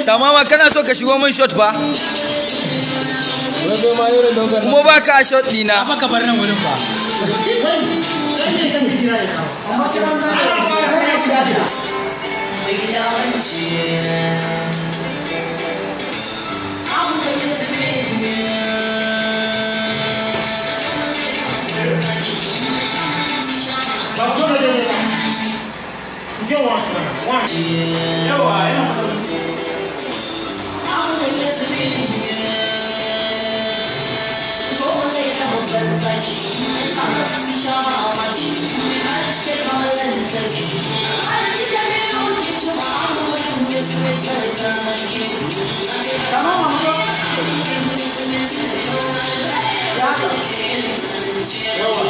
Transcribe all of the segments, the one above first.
sama ma kana so ka shigo min shot ba kuma ba ka shot dina ba ka bar nan wurin ba Yavaş lan. Yavaş. Tamam mı? Yavaş.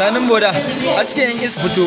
sanin boda aske yan is fito